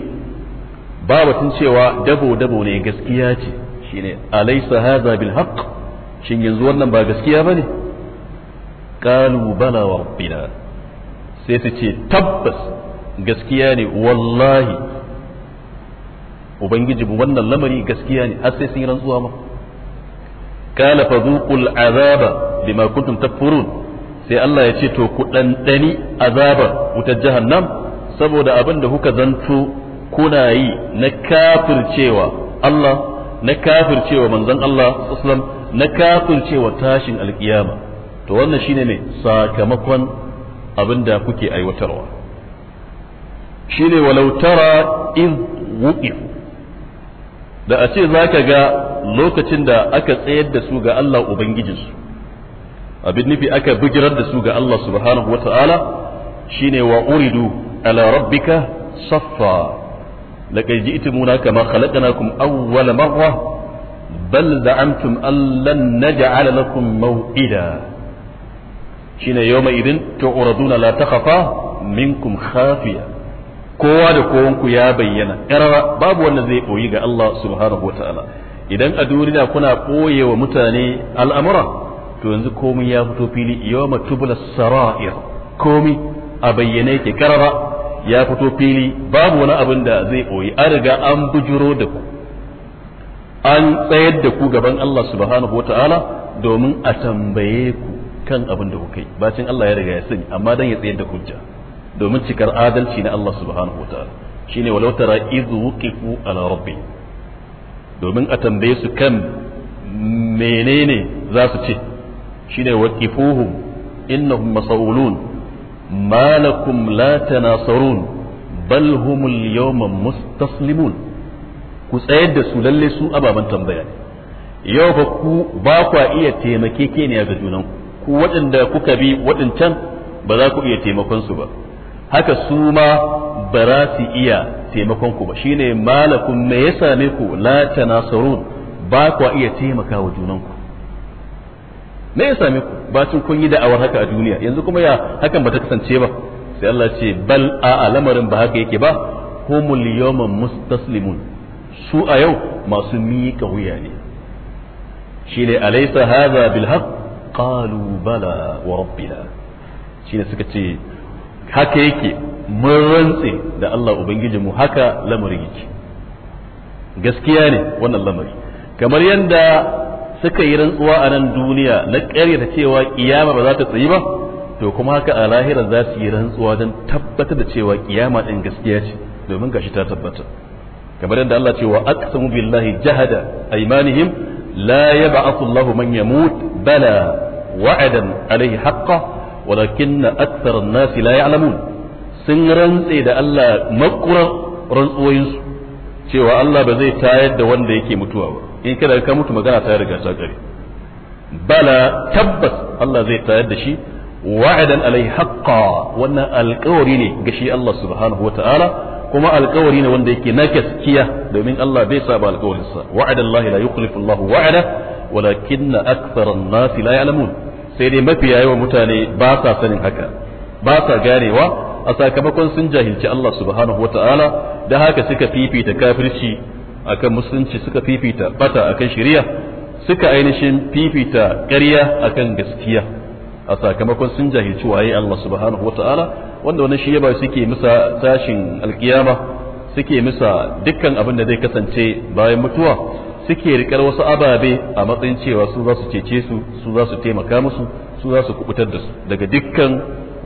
ba batun cewa dabo dabo ne gaskiya ce shine alaysa hadha bil haqq shin yanzu wannan ba gaskiya bane qalu bala wa rabbina sai ta ce tabbas gaskiya ne wallahi ubangiji wannan lamari gaskiya ne har sai sun yi rantsuwa ma qala fadhuqul azaba bima kuntum takfurun sai Allah ya ce to ku ɗanɗani azabar wutar jahannam saboda abin da kuka zanto kuna yi na kafircewa Allah na kafircewa manzon Allah sallam na kafircewa tashin alkiyama to wannan shine ne sakamakon abin da kuke aiwatarwa shine walau tara in wuqifu da a ce zaka ga lokacin da aka tsayar da su ga Allah ubangijinsu abin nufi aka bijirar da su ga Allah subhanahu wa ta'ala shine wa uridu ala rabbika saffa laqad itimuna kama khalaqnakum awwala marra bal za'amtum allan naj'ala lakum maw'ida shine yawma idin tu'raduna la takhafa minkum khafiya kowa da kowanku ya bayyana ƙarara babu wanda zai koyi ga Allah subhanahu wa ta'ala idan a duniya kuna ɓoye wa mutane al'amura to yanzu komai ya fito fili yawma tubla sarair komai a bayyane ke karara ya fito fili babu wani abin da zai boye an riga an bujuro da ku an tsayar da ku gaban Allah subhanahu wataala domin a tambaye ku kan abin da kuka yi bacin Allah ya riga ya sani amma dan ya tsayar da hujja domin cikar adalci na Allah subhanahu wataala shine walau tara idh wuqifu ala rabbi domin a tambaye su kan menene za su ce shine waqifuhum innahum mas'ulun ma lakum la tanasarun bal humul yawma mustaslimun ku tsayar da su lalle su ababan tambaya yau ba ku ba iya taimakekeniya ga junan ku waɗanda kuka bi waɗancan ba za ku iya taimakon su ba haka su ma ba za su iya taimakon ku ba shine malakum me ya same ku la tanasarun ba iya taimaka wa junanku me ya sami ku bacin kun yi da'awar haka a duniya yanzu kuma ya hakan ba ta kasance ba sai Allah ce bal a lamarin ba haka yake ba humul yawma mustaslimun su a yau masu miƙa wuya ne shine alaysa hadha bil haqq qalu bala wa rabbina shine suka ce haka yake mun rantse da Allah ubangijinmu haka lamarin yake gaskiya ne wannan lamari kamar yadda suka yi rantsuwa a nan duniya na ƙaryata cewa kiyama ba za ta tsayi ba to kuma haka a lahira za su yi rantsuwa don tabbatar da cewa kiyama din gaskiya ce domin gashi ta tabbata kamar yadda Allah ce wa aqsamu billahi jahada aymanihim la yab'athu Allahu man yamut bala wa'adan alayhi haqqan walakin akthara an-nas la ya'lamun sun rantse da Allah makurar rantsuwoyinsu cewa Allah ba zai tayar da wanda yake mutuwa ba in kana ka mutu magana ta riga ta kare bala tabbas Allah zai tayar da shi wa'adan alai haqqa wannan alƙawari ne ga shi Allah subhanahu wa ta'ala kuma alƙawari ne wanda yake na gaskiya domin Allah bai saba alƙawarinsa wa'adan Allah la yukhlifu Allah wa'ada walakin akthara an-nas la ya'lamun sai dai mafi yawan mutane ba sa sanin haka ba sa ganewa a sakamakon sun jahilci Allah subhanahu wa ta'ala da haka suka fifita kafirci akan musulunci suka fifita bata akan shari'a suka ainihin fifita ƙarya akan gaskiya a sakamakon sun jahilci waye Allah subhanahu wata'ala wanda wannan shi ba suke musa tashin alkiyama suke musa dukkan abin da zai kasance bayan mutuwa suke rikar wasu ababe a matsayin cewa su za su cece su su za su taimaka musu su za su kubutar da su daga dukkan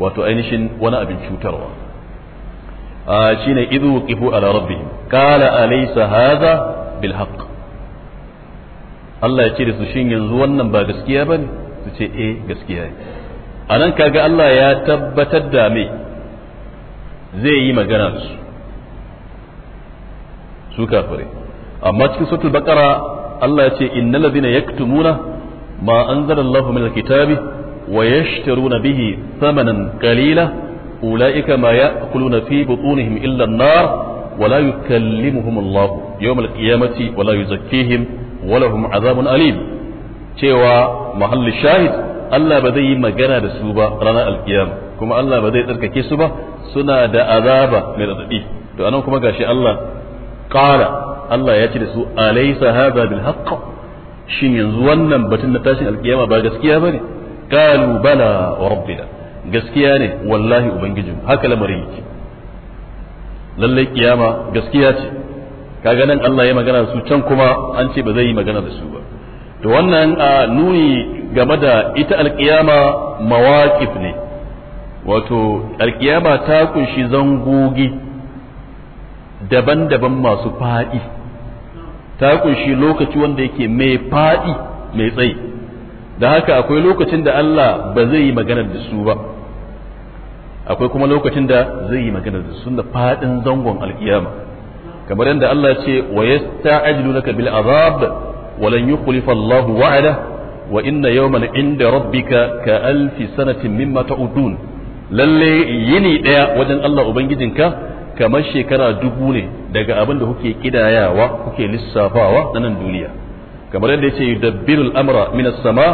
wato ainihin wani abin cutarwa shine idu. qifu ala rabbihim qala alaysa hadha bil Allah ya ce da su shin yanzu wannan ba gaskiya bane su ce eh gaskiya ne anan kaga Allah ya tabbatar da me zai yi magana da su su kafire amma cikin suratul Allah ya ce yaktumuna ma anzala Allahu min al-kitabi ويشترون به ثمنا قليلا أولئك ما يأكلون في بطونهم إلا النار ولا يكلمهم الله يوم القيامة ولا يزكيهم ولهم عذاب أليم cewa mahallin shahid Allah ba yi magana da su ba ranar alkiyama kuma Allah ba zai tsarkake su ba suna da azaba mai radadi to anan kuma gashi Allah qala Allah ya ce da su alaysa hadha bil haqq shin yanzu wannan batun na tashin alkiyama ba gaskiya bane qalu bala wa gaskiya ne wallahi ubangijin haka lamari. yake lallai kiyama gaskiya ce kaga nan Allah ya magana su can kuma an ce ba zai yi magana da su ba to wannan a nuni game da ita alkiyama mawaqif ne wato alkiyama ta kunshi zangogi daban-daban masu faɗi ta kunshi lokaci wanda yake mai faɗi mai tsayi da haka akwai lokacin da Allah ba zai yi magana da su ba akwai kuma lokacin da zai yi magana da sun da fadin zangon alkiyama kamar yadda Allah ce wa yasta'jilu laka bil azab wa lan yukhlifa Allah wa'ada wa inna yawman 'inda rabbika ka alfi sanatin mimma ta'udun lalle yini daya wajen Allah ubangijinka kamar shekara dubu ne daga abin da kuke kidayawa kuke lissafawa na nan duniya kamar yadda yace yudabbiru al-amra min as-sama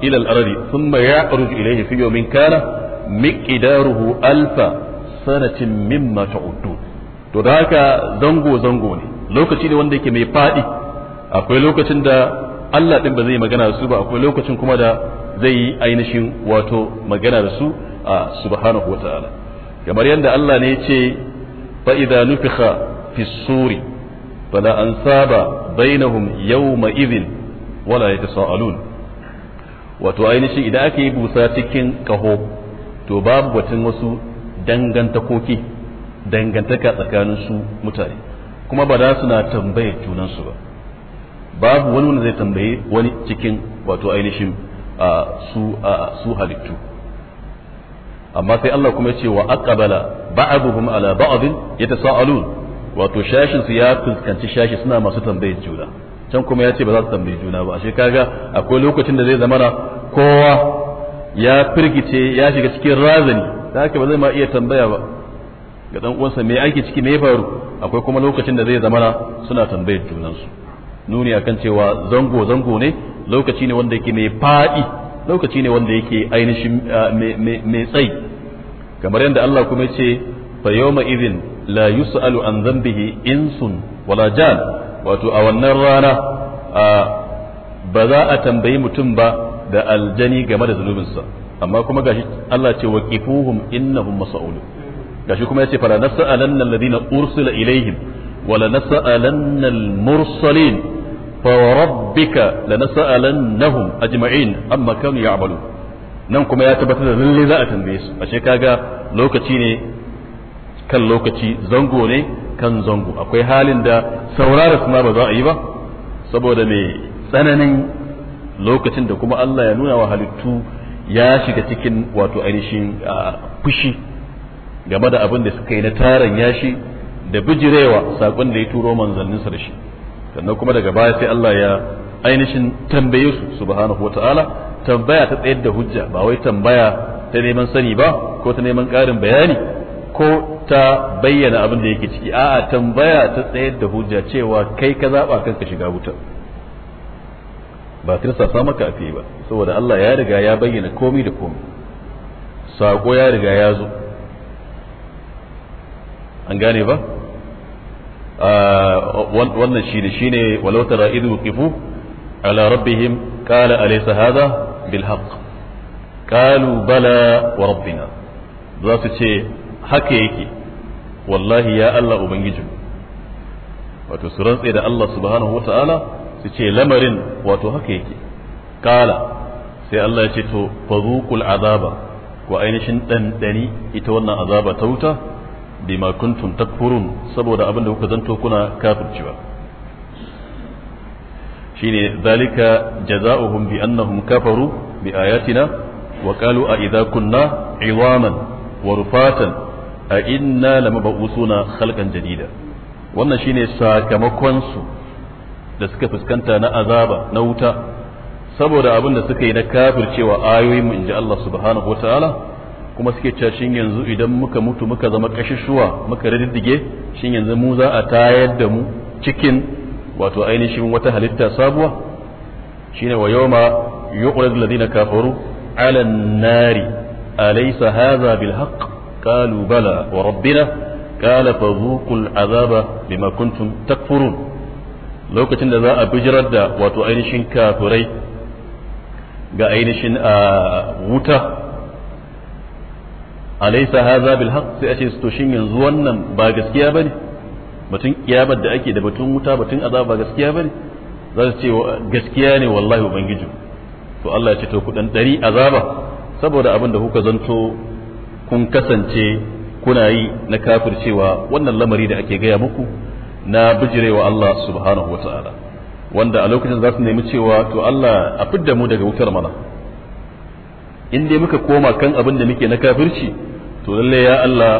ila al-ardi thumma ya'ruju ilayhi fi yawmin kana miqdaruhu alfa sanatin mimma ta'uddu to da haka zango zango ne lokaci ne wanda yake mai faɗi akwai lokacin da Allah din ba zai magana da su ba akwai lokacin kuma da zai yi ainihin wato magana da su a subhanahu wataala kamar yadda Allah ne ya ce fa idza nufikha fi suri fala ansaba bainahum yawma idhin wala yatasaalun wato ainihin idan aka yi busa cikin kaho to babu batun wasu dangantakoki dangantaka tsakanin su mutane kuma ba za su na tambayar junansu ba babu wani wanda zai tambaye wani cikin wato ainihin su halittu amma sai Allah kuma ya ce wa aqbala ba'dhum ala ba'd yatasaalun wato shashin su ya fuskanci shashi suna masu tambayar juna can kuma ya ce ba za su tambayi juna ba ashe kaga akwai lokacin da zai zamana kowa ya firgice ya shiga cikin razani da haka ba zai ma iya tambaya ba ga dan uwansa me aiki ciki me faru akwai kuma lokacin da zai zamana suna tambayar junansu nuni akan cewa zango zango ne lokaci ne wanda yake mai fadi lokaci ne wanda yake ainihin mai tsayi kamar yadda Allah kuma ce fa yawma idhin la yus'alu an dhanbihi insun wala jan wato a wannan rana ba za a tambayi mutum ba da aljani game da zunubinsa amma kuma gashi Allah ce waqifuhum innahum mas'ul gashi kuma yace fala nas'alanna alladhina ursila ilaihim wala nas'alanna al-mursalin fa rabbika lanas'alannahum ajma'in amma kanu ya'malun nan kuma ya tabbatar da lalle za a tambaye su ashe kaga lokaci ne kan lokaci zango ne kan zango akwai halin da saurara kuma ba za a yi ba saboda mai tsananin lokacin da kuma Allah ya nuna wa halittu ya shiga cikin wato ainihin fushi game da abin da suka yi na taron yashi da bijirewa sakon da ya turo manzanninsa da shi sannan kuma daga baya sai Allah ya ainihin tambaye su subhanahu wata'ala tambaya ta tsayar da hujja ba wai tambaya ta neman sani ba ko ta neman ƙarin bayani ko ta bayyana abin da yake ciki a'a tambaya ta tsayar da hujja cewa kai ka zaba kanka shiga wuta ba tirsasa maka a ba saboda Allah ya riga ya bayyana komi da komi sako ya riga ya zo an gane ba wannan shi ne shi ne walautara idu kifu ala rabbihim kala alaysa hada bil haqq qalu bala wa rabbina za su ce haka yake wallahi ya Allah ubangijin wato su rantse da Allah subhanahu wa ta'ala su ce lamarin wato haka yake kala sai Allah ya ce to fazuqul azaba ko ainihin dandani ita wannan azaba ta wuta bima kuntum takfurun saboda abin da kuka zanto kuna kafircewa shine zalika jazaohum bi annahum kafaru bi ayatina wa qalu a idza kunna iwaman wa rufatan a inna lamabusuna khalqan jadida wannan shine sakamakon su da suka fuskanta na azaba na wuta saboda abin da suka yi na kafircewa ayoyin mu inji Allah subhanahu wataala kuma suke cewa shin yanzu idan muka mutu muka zama kashishuwa muka riddige shin yanzu mu za a tayar da mu cikin wato ainihin wata halitta sabuwa shine wa yawma yuqradu alladhina kafaru ala an-nari alaysa hadha bil haqq qalu bala wa rabbina qala fadhuqul azaba bima kuntum takfurun lokacin da za a bijirar da wato ainihin kafirai ga ainihin a wuta alaisa haza bil haqq sai a ce to shin yanzu wannan ba gaskiya bane batun kiyamar da ake da batun wuta batun azaba ba gaskiya bane za su ce gaskiya ne wallahi ubangiji to Allah ya ce to kudan dari azaba saboda abin da kuka zanto kun kasance kuna yi na kafircewa wannan lamari da ake gaya muku na bijirewa Allah subhanahu wa ta'ala wanda a lokacin za su nemi cewa to Allah a fidda mu daga wutar mana in dai muka koma kan abin da muke na kafirci to lalle ya Allah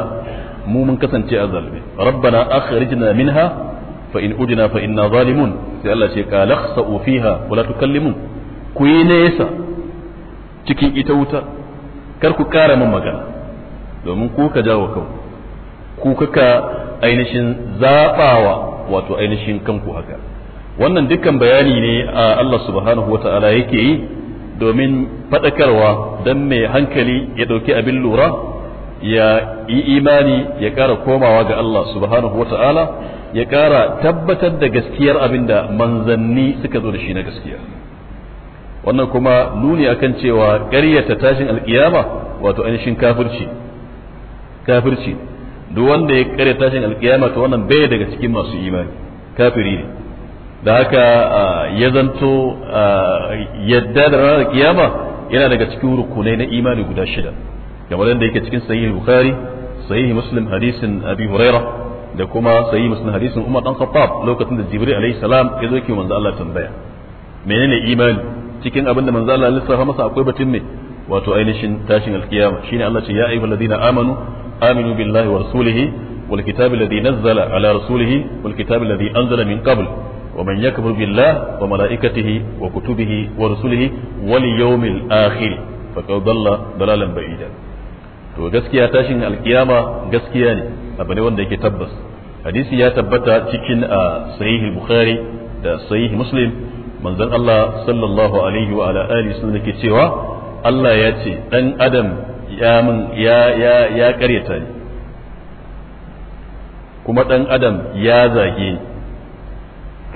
mu mun kasance a zalbe rabbana akhrijna minha fa in udna fa inna zalimun sai Allah ce ka lakhsa'u fiha wa la tukallimun ku yi nesa cikin ita wuta kar ku kara min magana domin ku ka jawo kau ku kaka ainihin zaɓawa wato ainihin kanku haka wannan dukkan bayani ne a Allah subhanahu ta'ala yake yi domin faɗakarwa don mai hankali ya ɗauki abin lura ya yi imani ya ƙara komawa ga Allah subhanahu ta'ala ya ƙara tabbatar da gaskiyar abin da manzanni suka zo da shi na gaskiya wannan kuma nuni akan cewa ƙaryata tashin alƙiyama wato ainihin kafirci kafirci duk wanda ya kare tashin alkiyama to wannan bai daga cikin masu imani kafiri ne da haka ya zanto yadda da ranar kiyama yana daga cikin rukunai na imani guda shida kamar yadda yake cikin sahih bukhari sahih muslim hadisin abi huraira da kuma sahih muslim hadisin umar dan khattab lokacin da jibril alaihi salam ya zo yake manzo Allah tambaya menene imani cikin abin da manzo Allah ya lissafa masa akwai batun ne wato ainihin tashin alkiyama shine Allah ce ya ayyuhal ladina amanu aminu billahi lihi rasulihi wal kitabi alladhi nazzala ala rasulihi wal kitabi alladhi anzala min qabl ومن يكفر بالله وملائكته وكتبه ورسله واليوم الآخر فقد ضل ضلالا بعيدا to gaskiya tashin alkiyama gaskiya ne abu ne wanda yake tabbas hadisi ya tabbata cikin a sahihi bukhari da sahihi muslim manzon Allah sallallahu alaihi wa ala alihi sun cewa Allah ya ce dan adam ya min ya ya ya karyata ni kuma dan adam ya zage ni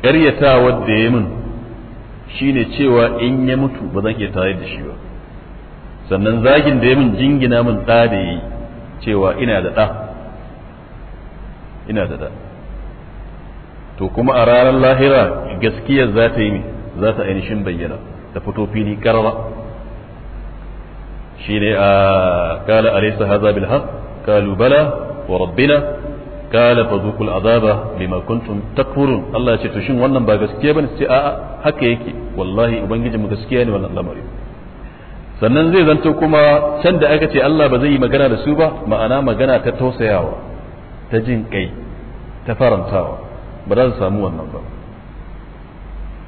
karyata wadda ya min shine cewa in ya mutu ba zan iya tare da shi ba sannan zagin da ya min jingina min da da yi cewa ina da da ina da da to kuma a ranar lahira gaskiyar za ta yi za ta ainihin bayyana ta fito fili karara shine a ah, kala alaysa hadha bil haqq qalu bala wa rabbina kala fadhuqul azaba bima kuntum takfurun Allah ya ce to shin wannan ba gaskiya bane sai a'a haka yake wallahi ubangiji mu gaskiya ne wannan lamari sannan zai zanto kuma can da aka ce Allah ba zai yi magana da su ba ma'ana magana ta tausayawa ta jin kai ta farantawa ba za su samu wannan ba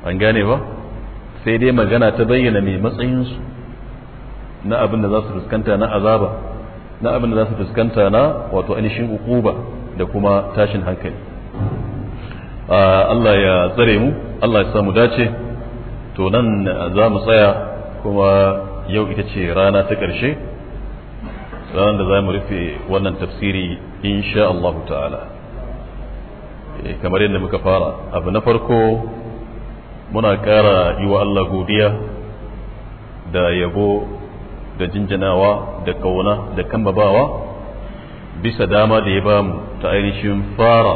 an gane ba sai dai magana ta bayyana mai matsayinsu na abin da za su fuskanta na azaba na abin da za su fuskanta na wato ainihin ukuba da kuma tashin hankali ah, Allah ya tsare mu Allah ya samu dace to nan za mu tsaya kuma yau ita ce rana ta ƙarshe ranar da za mu rufe wannan tafsiri insha Allah ta'ala eh, kamar yadda muka fara abu na farko muna ƙara yi wa Allah godiya da yabo da jinjinawa da kauna da kambabawa bisa dama da ya bamu ta ainihin fara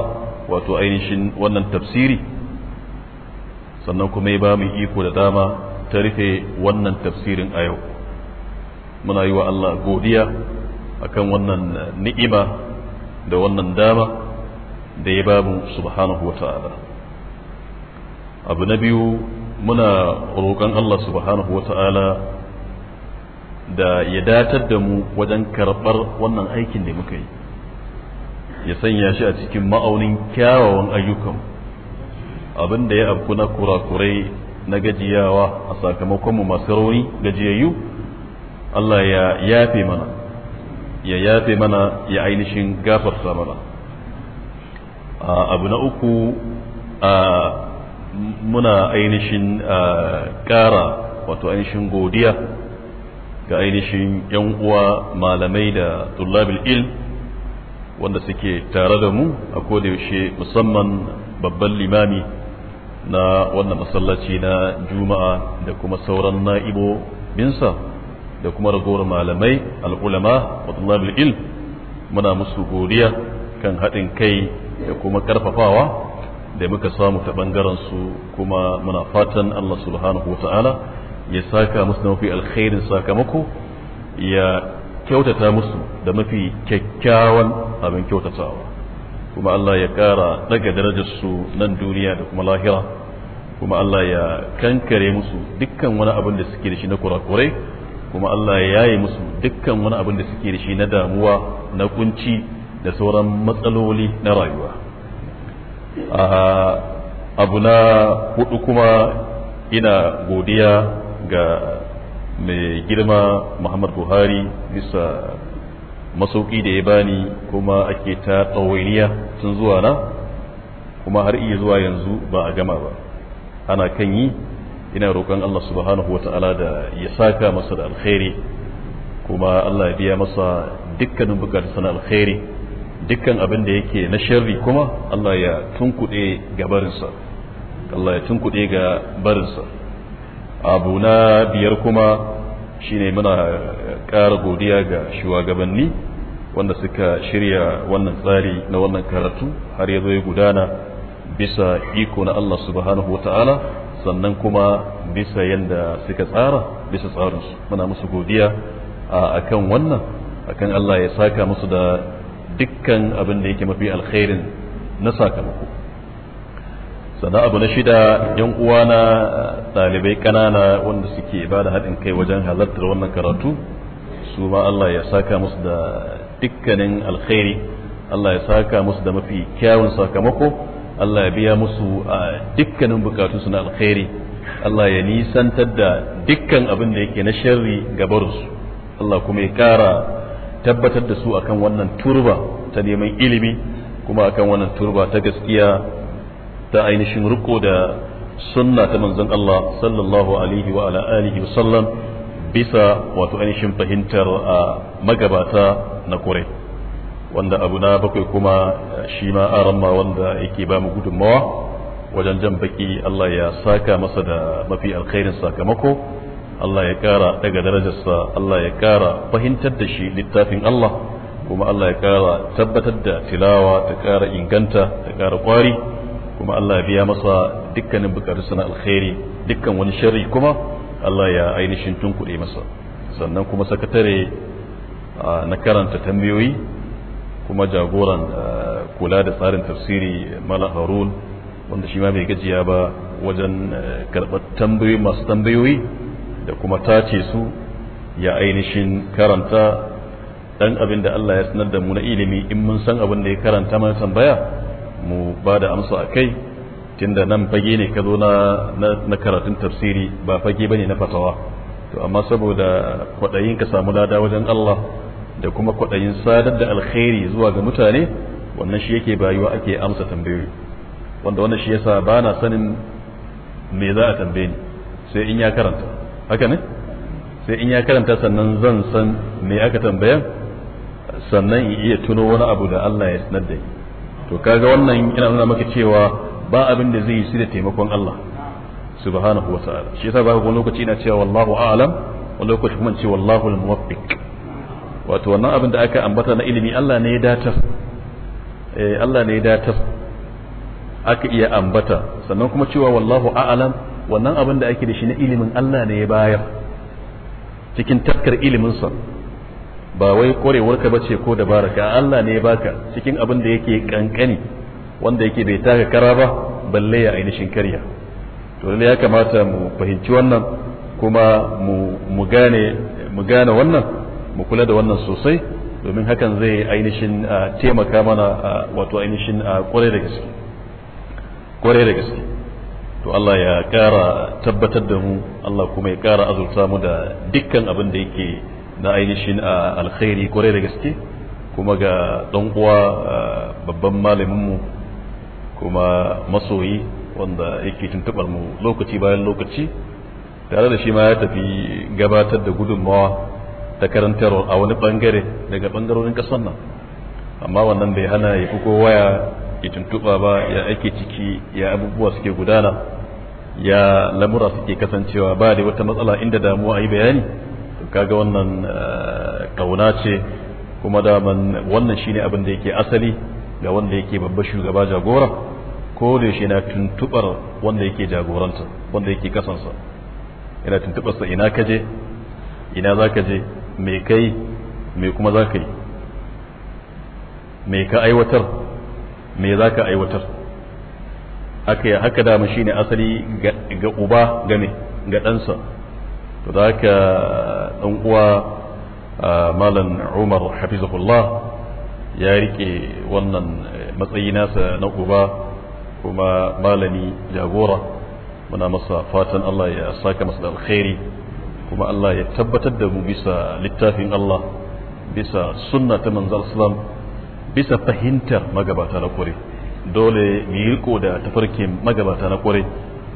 wato ainihin wannan tafsiri sannan kuma ya bamu iko da dama ta rufe wannan tafsirin a yau muna yi wa Allah godiya akan wannan ni'ima da wannan dama da ya bamu subhanahu wa ta'ala abu na biyu muna roƙon Allah subhanahu wa ta'ala da ya datar da mu wajen karɓar wannan aikin da muka yi ya sanya shi a cikin ma'aunin kyawawan ayyukan abin da ya abku na kurakurai na gajiyawa a sakamakonmu mu masu rauni gajiyayyu Allah ya yafe mana ya yafe mana ya ainihin gafarta mana abu na uku muna ainihin ƙara wato ainihin godiya ga ainihin yan uwa malamai da tullabil ilm wanda suke tare da mu a kodayaushe musamman babban limami na wannan masallaci na juma'a da kuma sauran na'ibo binsa da kuma ragowar malamai al'ulama wa tullabil ilm muna musu godiya kan haɗin kai da kuma ƙarfafawa da muka samu ta ɓangaren su kuma muna fatan Allah subhanahu wa ta'ala ya saka musu da mafi alkhairin sakamako ya kyautata musu da mafi kyakkyawan abin kyautatawa kuma Allah ya kara daga darajarsu nan duniya da kuma lahira kuma Allah ya kankare musu dukkan wani abin da suke da shi na kurakurai kuma Allah ya yi musu dukkan wani abin da suke da shi na damuwa na kunci da sauran matsaloli na rayuwa ah, abu na hudu kuma ina godiya ga mai girma muhammad buhari bisa masauki da ya bani kuma ake ta ɗawainiya tun zuwa na kuma har iya zuwa yanzu ba a gama ba ana kan yi ina roƙon allah subhanahu wa ta'ala da ya saka masa da alkhairi kuma allah ya biya masa dukkanin bukatarsa na alkhairi dukkan abin da yake na sharri kuma allah ya tunkuɗe ga barinsa allah ya tunkuɗe ga barinsa abu na biyar kuma shine muna ƙara godiya ga shugabanni wanda suka shirya wannan tsari na wannan karatu har ya zo ya gudana bisa iko na Allah subhanahu ta'ala sannan kuma bisa yadda suka tsara bisa tsarinsu muna musu godiya a kan wannan akan Allah ya saka musu da dukkan abin da yake mafi alkhairin na sakamako sana abu na shida yan uwa na ɗalibai ƙanana wanda suke ba da haɗin kai wajen halartar wannan karatu su ma Allah ya saka musu da dukkanin alkhairi Allah ya saka musu da mafi kyawun sakamako Allah ya biya musu a dukkanin bukatu na alkhairi Allah ya nisantar da dukkan abin da yake na sharri barsu Allah kuma ya kara tabbatar da su akan wannan turba ta neman ilimi kuma akan wannan turba ta gaskiya ta ainihin riko da sunna ta manzon Allah sallallahu alaihi wa ala alihi wa sallam bisa wato ainihin fahimtar a magabata na kure wanda abu na bakwai kuma shi ma aramma wanda yake ba mu gudunmawa wajen jan baki Allah ya saka masa da mafi alkhairin sakamako Allah ya kara daga darajarsa Allah ya kara fahimtar da shi littafin Allah kuma Allah ya kara tabbatar da tilawa ta kara inganta ta kara kwari kuma Allah ya biya masa dukkanin bukatu suna alkhairi dukkan wani sharri kuma Allah ya ainihin tunkuɗe masa sannan kuma sakatare na karanta tambayoyi kuma jagoran kula da tsarin tafsiri mala harun wanda shi ma bai gajiya ba wajen karɓar tambayoyi masu tambayoyi da kuma tace su ya ainihin karanta ɗan abin da Allah ya sanar da mu na ilimi in mun san abin da ya karanta mana tambaya mu ba da amsa a kai tunda nan fage ne ka zo na karatun tafsiri ba fage ba ne na fatawa to amma saboda kwaɗayin ka samu lada wajen Allah da kuma kwaɗayin sadar da alkhairi zuwa ga mutane wannan shi yake bayuwa ake amsa tambayoyi wanda wannan shi yasa ba na sanin me za a tambaye ni sai in ya karanta haka ne sai in ya karanta sannan zan san me aka tambaya sannan in iya tuno wani abu da Allah ya sanar da ni to kaga wannan ina nuna maka cewa ba abin da zai yi shi da taimakon Allah subhanahu wa ta'ala shi yasa ba wani lokaci ina cewa wallahu a'lam wani lokaci kuma ce wallahu al-muwaffiq wato wannan abin da aka ambata na ilimi Allah ne ya datar eh Allah ne ya datar aka iya ambata sannan kuma cewa wallahu a'lam wannan abin da ake da shi na ilimin Allah ne ya bayar cikin takkar iliminsa ba wai korewar ba ce ko dabaraka Allah ne baka cikin abin da yake kankani wanda yake bai taka kara ba balle ya ainihin karya to ne ya kamata mu fahimci wannan kuma mu gane mu gane wannan mu kula da wannan sosai domin hakan zai ainihin taimaka mana wato ainihin kware da gaske Kware da gaske to Allah ya kara tabbatar da mu Allah kuma ya kara azurta mu da dukkan abin da yake na ainihin alkhairi kwarai da gaske kuma ga ɗan uwa babban malaminmu kuma masoyi wanda yake tuntubar mu lokaci bayan lokaci tare da shi ma ya tafi gabatar da gudunmawa ta karantarwa a wani bangare daga bangarorin ƙasar nan amma wannan bai hana ya fi kowa ya tuntuba ba ya ake ciki ya abubuwa suke gudana ya lamura suke kasancewa ba da wata matsala inda damuwa a yi bayani kaga wannan eh, kauna ce kuma daman wannan shine abin da yake asali ga wanda yake babba shugaba jagora ko da shi na tuntubar wanda yake jagoranta wanda yake kasansa yana tuntubar sa ina kaje ina zaka je me kai me kuma zaka yi me ka aiwatar me zaka aiwatar haka haka da shine asali ga uba game ga ɗansa to za ka. dan uwa malam umar hafizahullah ya rike wannan e, matsayi nasa na uba kuma malami jagora muna masa fatan Allah ya saka masa da alkhairi kuma Allah ya tabbatar da mu bisa littafin Allah bisa sunna ta manzal islam bisa fahimtar magabata na kware dole mu yi riko da tafarkin magabata na kware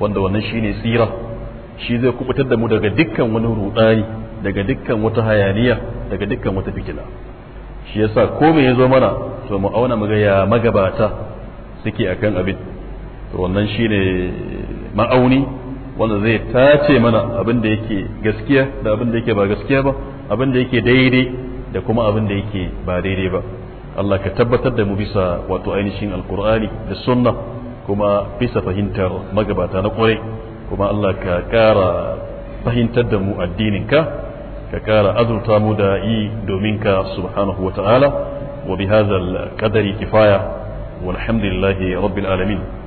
wanda wannan shine tsira shi zai kubutar da mu daga dukkan wani rudani daga dukkan wata hayaniya daga dukkan wata fitila shi yasa ko me zo mana to mu auna mu ga ya magabata suke akan abin to wannan shine ma'auni wanda zai tace mana abin da yake gaskiya da abin da yake ba gaskiya ba abin da yake daidai da kuma abin da yake ba daidai ba Allah ka tabbatar da mu bisa wato ainihin alkur'ani da sunna kuma bisa fahimtar magabata na kwarai kuma Allah ka ƙara fahimtar da mu addininka ka kara azurta mu da yi domin ka subhanahu wa ta'ala wa bi hadha al-qadari kifaya walhamdulillahi rabbil alamin